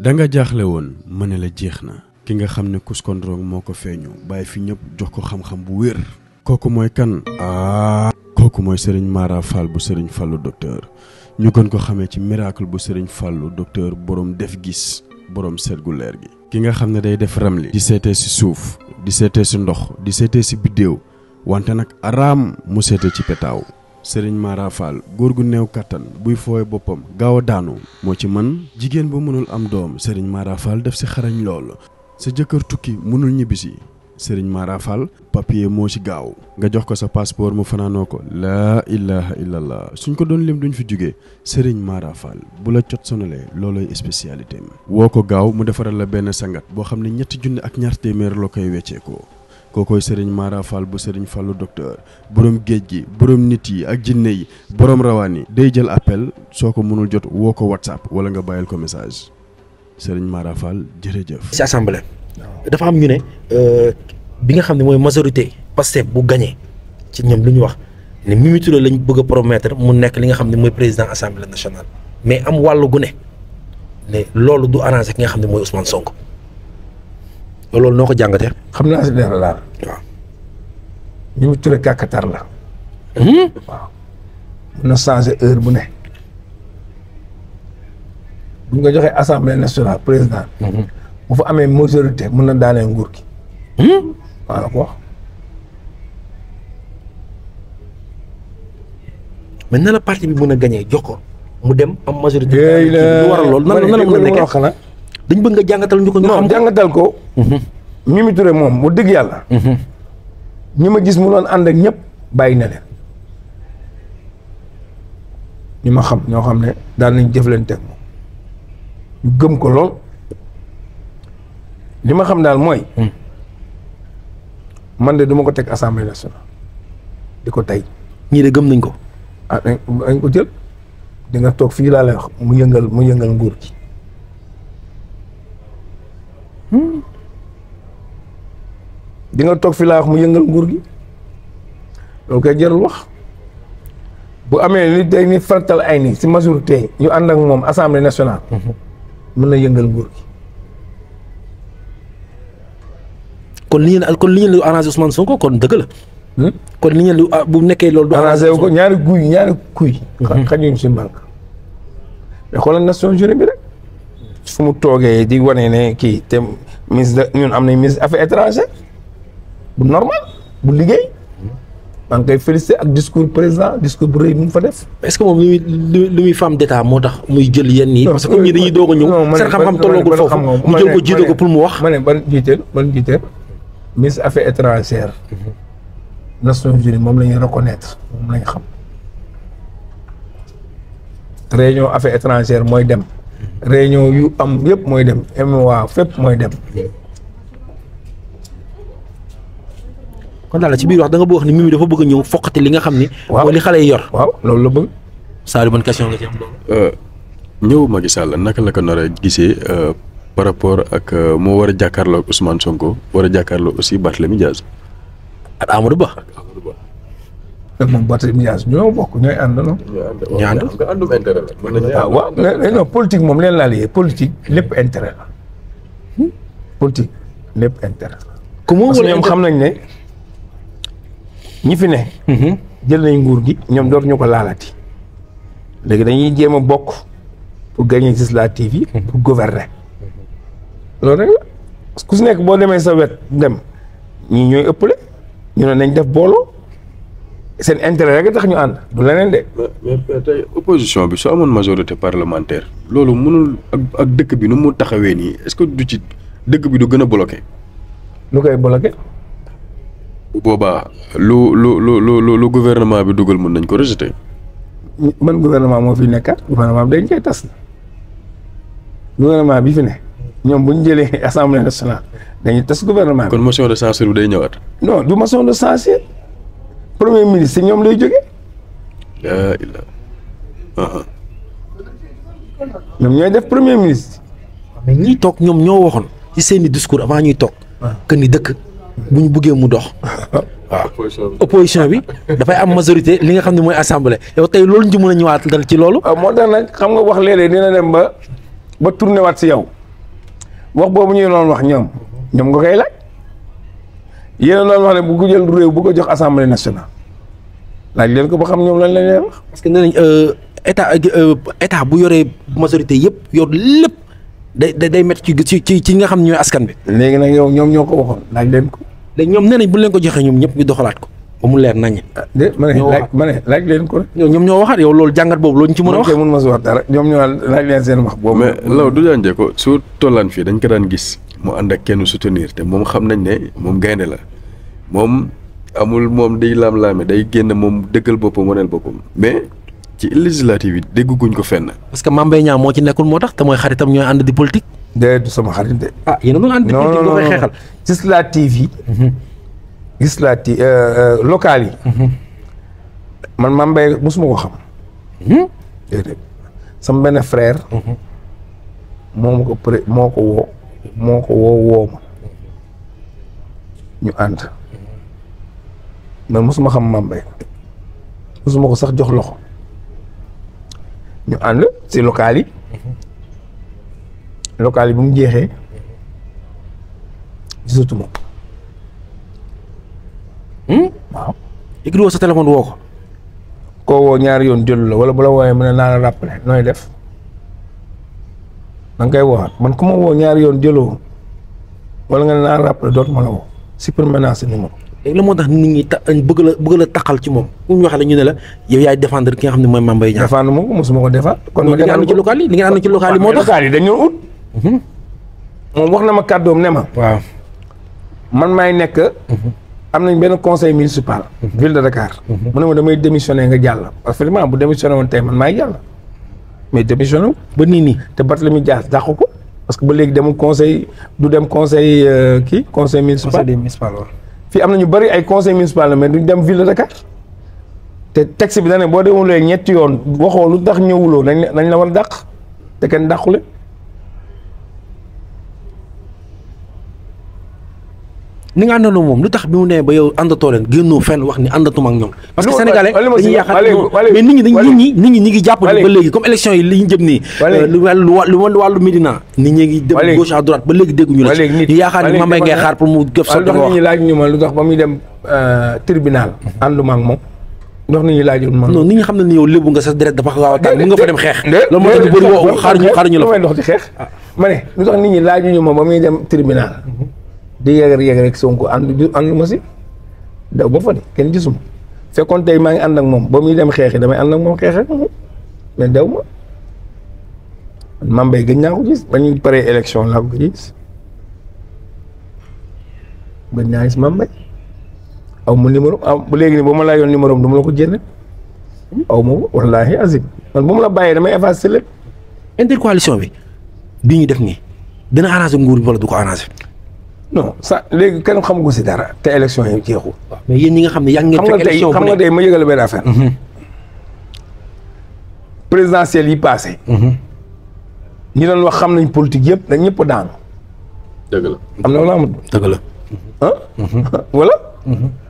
da nga jaaxle woon ma ne la jeex na ki nga xam ne Kuskondorong moo ko feeñu bàyyi fi ñëpp jox ko xam-xam bu wér kooku mooy kan ah kooku mooy Serigne Mara bu Serigne Fallou docteur ñu gën ko xamee ci miracle bu Serigne Fallou docteur borom def gis borom seet gu leer gi ki nga xam ne day def ramli di seetee si suuf di seetee si ndox di seetee si biddéew wante nag araam mu seetee ci petaaw Serigne Mara Fall góor gu néew kattan buy fooy boppam gaaw a daanu moo ci man jigéen bu mënul am doom Serigne Mara def si xarañ lool sa jëkkër tukki mënul ñibbisi Serigne Mara Fall papier moo ci gaaw nga jox ko sa passeport mu fanaanoo ko laa ilaha illallah suñ ko doon lim duñ fi jóge Serigne Mara Fall bu la cot sonalee looloy spécialité mi woo ko gaaw mu defaral la benn sangat boo xam ne ñetti junni ak ñaar téeméer loo koy weccee ko kookooy sëriñ Mara Fall bu sëriñ Fallu docteur boroom géej gi borom nit yi ak jinne yi borom rawaan yi day jël appel soo ko mënul jot woo ko whatsapp wala nga bàyyil ko message sëriñ Mara Fall jërëjëf. ci assemblée. dafa am ñu ne. Euh, bi nga xam ne mooy majorité Pastef bu gagné ci ñoom lu ñu wax ne Mimi Touré lañ bëgg a promettre mu nekk li nga xam ne mooy président assemblée nationale mais am wàllu gu ne loolu du arrangé ki nga xam ne mooy Ousmane Sonko. loolu noo ko jàngatee. xam naa si def la daal. waaw ñu mu ture kàkkatar la. Hmm? waaw mun na changer heure bu ne. bu nga joxee assemblée nationale président. Hmm. bu fa amee majorité mun na daanee nguur gi. Hmm? maa la ko wax. mais nan parti bi mun a gagné jox ko mu dem am majorité. yooyu la a waral lool nan nan la a nekkee dañ bëgg nga jàngatal ñu ko. ñu xam jàngatal ko. Mimi Touré moom mu dëgg yàlla. ñi ma gis mu doon ànd ak ñëpp bàyyi na ñu ma xam ñoo xam ne daal nañ jëflanteeg moom gëm ko lool li ma xam daal mooy. man de du ko teg assemblée nationale di ko tey. ñii de gëm nañ ko. ah dañ ko jël di toog fii laa lay mu yëngal mu yëngal nguur gi. di nga toog fi laa wax mu yëngal nguur gi loolu koy jarul wax bu amee ni day ni fartal ay ni si majorité ñu ànd ak moom assemblée nationale mhm. mën na yëngal nguur gi kon li ngeen kon li ngeen lu hmm? li ngeen lu nekkee loolu du arrangé ko ñaari guy ñaari kuy mhm. xajuñ si mbànk mais xoolal bi rek fu mu toogee di wane ne kii te ministre ñun am nañ ministre affaires étrangères bu normal bu liggéey maa ngi koy félicité ak discours président discours bu rëy bi mu fa def. est-ce que moom lu muy lu muy moo tax muy jël yenn yi. parce que ñi dañuy doog a ñëw. seen xam-xam tolloogul foofu mu jël ko jiite ko pour mu wax. ma ne ban jiiteel ban jiiteel ministre affaires étrangères. Mhm. Nations Unies moom la ñuy reconnaître moom la ñu xam. réunion affaires étrangères mooy dem. Mhm. réunion yu am yëpp mooy dem MOA fépp mooy dem. Mhm. kon daal ci biir wax da nga bëgg wax ni Mimi dafa bëgg a ñëw foqati li nga xam ne waaw mooy li xale yor. waaw loolu la bëgg. Saliou ban question nga ci am loolu. Euh, ñëw Macky naka la ko nar a gisee euh, par rapport ak euh, moo war a jàkkaarloo ak Ousmane war a jàkkaarloo aussi Barthélemy Diaz. ak Amadou Ba. ak moom Barthélemy Diaz ñoo bokk ñooy ànd non. ñooy ànd àndum intérêt ah, moom leen laal lay politique lépp intérêt la. Hmm? politique lépp intérêt la. parce que ñoom xam nañ ne. ñi fi ne. Mhm. jël nañ nguur gi ñoom dootu ñu ko laalati léegi dañuy jéem a bokk pour gagner législative yi. pour gouverner. loolu rek ku si nekk boo demee sa wet dem ñii ñooy ëppale ñu ne nañ def booloo seen intérêt rek tax ñu ànd du leneen de. mais tey opposition bi soo amoon majorité parlementaire loolu mënul ak ak dëkk bi nu mu taxawee nii est-ce que du ci dëkk bi du gën a bloqué. lu koy bloqué. bu boobaa lu lu lu lu lu lu gouvernement bi dugal mun nañ ko rejeter. man gouvernement moo fi nekkaat gouvernement bi dañ koy tas gouvernement bi fi ne ñoom bu ñu jëlee assemblée nationale dañuy tas gouvernement bi. kon motion de censure bi day ñëwaat. non du motion de censure premier ministre si ñoom lay jógee. yaa uh-huh. ñoom ñooy def premier ministre. mais ñiy toog ñoom ñoo waxoon ci seeni discours avant ñuy toog. Ah. que ni dëkk. bu ñu buggee mu dox. waaw ah. opposition bi dafay am majorité li nga xam ne mooy assemblée yow tey loolu ñu mën a ñëwaatal ci loolu. Ah, moo tax nag xam nga wax léeg-léeg dina dem ba ba tourné si yow wax boobu ñuy doon wax ñoom ñoom nga koy laaj yéen a doon wax ne bu ko jël réew bu ko jox assemblée national laaj leen ko ba xam ñoom lañ leen wax. parce que nee nañ euh, état euh, état bu yore majorité yëpp yor lépp. day day métti ci ci ci nga xam ñooy askan bi. léegi nag yow ñoom ñoo ko waxoon laaj leen ko. ñoom nee bu leen ko joxee ñoom ñëpp ñu doxalaat ko ba mu leer naññ. Ah, de ma ne ne laaj leen ko. ñoom ñoo waxaat yow loolu jàngat boobu loolu ñu ci mën a wax. mën ma si wax dara ñoom ñoo leen seen wax boobu. mais law du daan ko su tollaan fii dañ ko daan gis. mu ànd ak kenn soutenir te moom xam nañ ne moom gaynde la moom amul moom day laam-laame day génn moom dëggal boppam waneel boppam mais ci législative yi dégguñ ko fenn. parce que Mame Mbaye Niang moo ci nekkul moo tax te mooy xaritam ñooy ànd di politique. déedéet du sama xarit de. ah yéen a doon ànd di politique boo koy mhm. euh, euh, locales yi. Mhm. man Mame Mbaye ko xam. Mhm. sama benn frère. moo ma ko pré moo ko woo moo ma ñu ànd man mosuma xam Mame Mbaye mosuma ko sax jox loxo. ñu ànd si local yi local yi bu mu jeexee gisatu ma hmm? waaw léegi woo sa téléphone woo ko koo woo ñaari yoon jëlu la wala bu la wooyee mu ne naa la rappelé nooy def da nga koy waxaat man ku ma woo ñaari yoon jëloo wala nga ne naa la rappelé dootuma la woo supprimer naa sa numéro léegi la moo tax nit ñi ta bëgg la bëgg la taxal ci moom bu ñu waxee la ñu yow yaay défendre ki nga xam ne mooy Mame Mbaye Niang. défendre moom mosuma ko défendre. kon li ngeen ànd ci local yi li ngeen moo tax mhm. moom wax na ma kàddoom ne ma. waaw man maay nekk. Mhm. am nañ benn conseil municipal. Mhm. ville de Dakar. mu ne ma damay démissionné nga jàll. parce que vraiment bu démissionné woon tey man maay jàll. mais démissionné ba nii nii te Barthélémy Dias dàq ko parce que ba léegi demul conseil du dem conseil euh, kii conseil municipal conseil municipal waaw. fii am na ñu bari ay conseil municipal la mais duñ dem ville de Dakar te texte bi da ne boo demuloo ñetti yoon waxoo lu tax ñëwuloo nañ la nañ la war a dàq te kenn dàqule ni nga àndandoo moom lu tax bi mu nee ba yow àndatoo leen génnoo fenn wax ni àndatuma ak ñoom. parce que sénégalais dañuy yaakaar mais nit ñi dañ nit ñi nit ñi ñi ngi jàpp nit ñi ni ma lu tax ba muy dem tribunal. ànduma moom. ndox nit ñi laajul man nit ñi xam ne ni yow lébu nga sa deret dafa xaw a tàng mën nga fa dem xeex loolu moo tax lu tax nit ñi laajuñu ma ba di yegg rek yegg rek Sonko ànd ju ànd ma si daw ma fa de kenn gisuma fekkoon tey maa ngi ànd ak moom ba muy dem xeexi damay ànd ak moom xeex ak moom daw ma man mbay gëj naa ko gis ba ñuy paree élection laa ko gis gëj numéro aw bu léegi nii ba ma laa yoon numéro am du la ko jënd aw ma wallaahi azim man bu la bàyyee damay effacer lépp. intercoalition bi bi ñu def nii dina arranger nguur bi wala du ko arranger. non sa léegi kenn xamu ko si dara te élection yi jeexul. waaw mais yéen ñi nga xam ne yaa ngi ngeen fekk élection xam nga benn affaire. Mhm. présidentielle yi passé. Mhm. ñi doon wax xam nañ politique yëpp dañ ñëpp daanu. dëgg la am na wala amul. dëgg